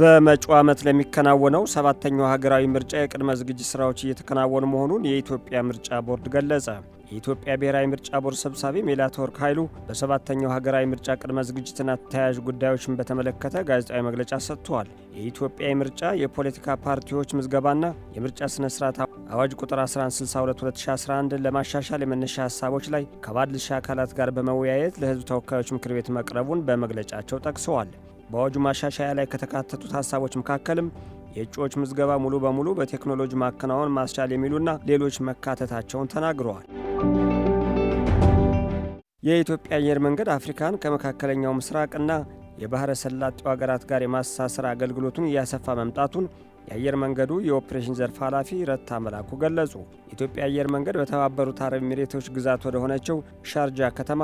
በመጪው ዓመት ለሚከናወነው ሰባተኛው ሀገራዊ ምርጫ የቅድመ ዝግጅት ስራዎች እየተከናወኑ መሆኑን የኢትዮጵያ ምርጫ ቦርድ ገለጸ። የኢትዮጵያ ብሔራዊ ምርጫ ቦርድ ሰብሳቢ ተወርክ ኃይሉ በሰባተኛው ሀገራዊ ምርጫ ቅድመ ዝግጅትና ተያያዥ ጉዳዮችን በተመለከተ ጋዜጣዊ መግለጫ ሰጥተዋል። የኢትዮጵያ የምርጫ የፖለቲካ ፓርቲዎች ምዝገባና የምርጫ ስነ ስርዓት አዋጅ ቁጥር 1162/2011 ለማሻሻል የመነሻ ሀሳቦች ላይ ከባለድርሻ አካላት ጋር በመወያየት ለሕዝብ ተወካዮች ምክር ቤት መቅረቡን በመግለጫቸው ጠቅሰዋል። በአዋጁ ማሻሻያ ላይ ከተካተቱት ሀሳቦች መካከልም የእጩዎች ምዝገባ ሙሉ በሙሉ በቴክኖሎጂ ማከናወን ማስቻል የሚሉና ሌሎች መካተታቸውን ተናግረዋል። የኢትዮጵያ አየር መንገድ አፍሪካን ከመካከለኛው ምስራቅና የባህረ ሰላጤው ሀገራት ጋር የማሳሰር አገልግሎቱን እያሰፋ መምጣቱን የአየር መንገዱ የኦፕሬሽን ዘርፍ ኃላፊ ረታ መላኩ ገለጹ። የኢትዮጵያ አየር መንገድ በተባበሩት አረብ ኤሚሬቶች ግዛት ወደ ሆነችው ሻርጃ ከተማ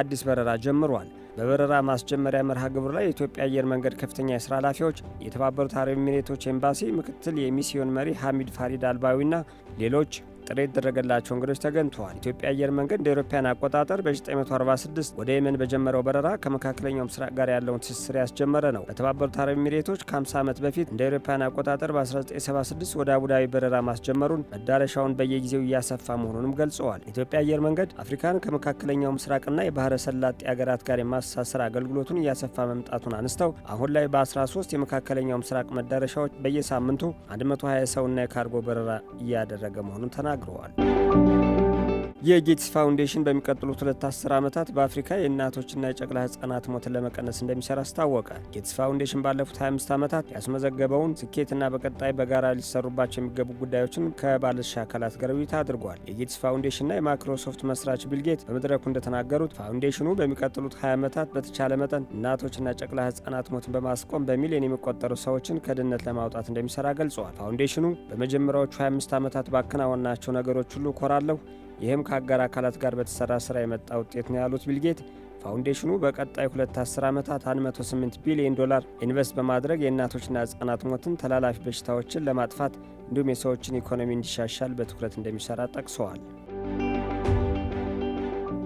አዲስ በረራ ጀምሯል። በበረራ ማስጀመሪያ መርሃ ግብር ላይ የኢትዮጵያ አየር መንገድ ከፍተኛ የስራ ኃላፊዎች፣ የተባበሩት አረብ ኤሚሬቶች ኤምባሲ ምክትል የሚስዮን መሪ ሐሚድ ፋሪድ አልባዊና ሌሎች ጥሪ የተደረገላቸው እንግዶች ተገኝተዋል። ኢትዮጵያ አየር መንገድ እንደ አውሮፓውያን አቆጣጠር በ946 ወደ የመን በጀመረው በረራ ከመካከለኛው ምስራቅ ጋር ያለውን ትስስር ያስጀመረ ነው። በተባበሩት አረብ ኤሚሬቶች ከ50 ዓመት በፊት እንደ አውሮፓውያን አቆጣጠር በ1976 ወደ አቡዳቢ በረራ ማስጀመሩን መዳረሻውን በየጊዜው እያሰፋ መሆኑንም ገልጸዋል። ኢትዮጵያ አየር መንገድ አፍሪካን ከመካከለኛው ምስራቅና የባህረ ሰላጤ ሀገራት ጋር የማሳሰር አገልግሎቱን እያሰፋ መምጣቱን አንስተው አሁን ላይ በ13 የመካከለኛው ምስራቅ መዳረሻዎች በየሳምንቱ 120 ሰውና የካርጎ በረራ እያደረገ መሆኑን ተናግረዋል። Agrawal. የጌትስ ፋውንዴሽን በሚቀጥሉት ሁለት አስር ዓመታት በአፍሪካ የእናቶችና የጨቅላ ህጻናት ሞትን ለመቀነስ እንደሚሰራ አስታወቀ። ጌትስ ፋውንዴሽን ባለፉት 25 ዓመታት ያስመዘገበውን ስኬትና በቀጣይ በጋራ ሊሰሩባቸው የሚገቡ ጉዳዮችን ከባለድርሻ አካላት ጋር ውይይት አድርጓል። የጌትስ ፋውንዴሽንና የማይክሮሶፍት መስራች ቢልጌት በመድረኩ እንደተናገሩት ፋውንዴሽኑ በሚቀጥሉት 20 ዓመታት በተቻለ መጠን እናቶችና ጨቅላ ህጻናት ሞትን በማስቆም በሚሊዮን የሚቆጠሩ ሰዎችን ከድህነት ለማውጣት እንደሚሰራ ገልጸዋል። ፋውንዴሽኑ በመጀመሪያዎቹ 25 ዓመታት ባከናወናቸው ነገሮች ሁሉ እኮራለሁ ይህም ከአጋር አካላት ጋር በተሰራ ስራ የመጣ ውጤት ነው ያሉት ቢልጌት ፋውንዴሽኑ በቀጣይ ሁለት አስር ዓመታት 18 ቢሊዮን ዶላር ኢንቨስት በማድረግ የእናቶችና ሕጻናት ሞትን፣ ተላላፊ በሽታዎችን ለማጥፋት እንዲሁም የሰዎችን ኢኮኖሚ እንዲሻሻል በትኩረት እንደሚሠራ ጠቅሰዋል።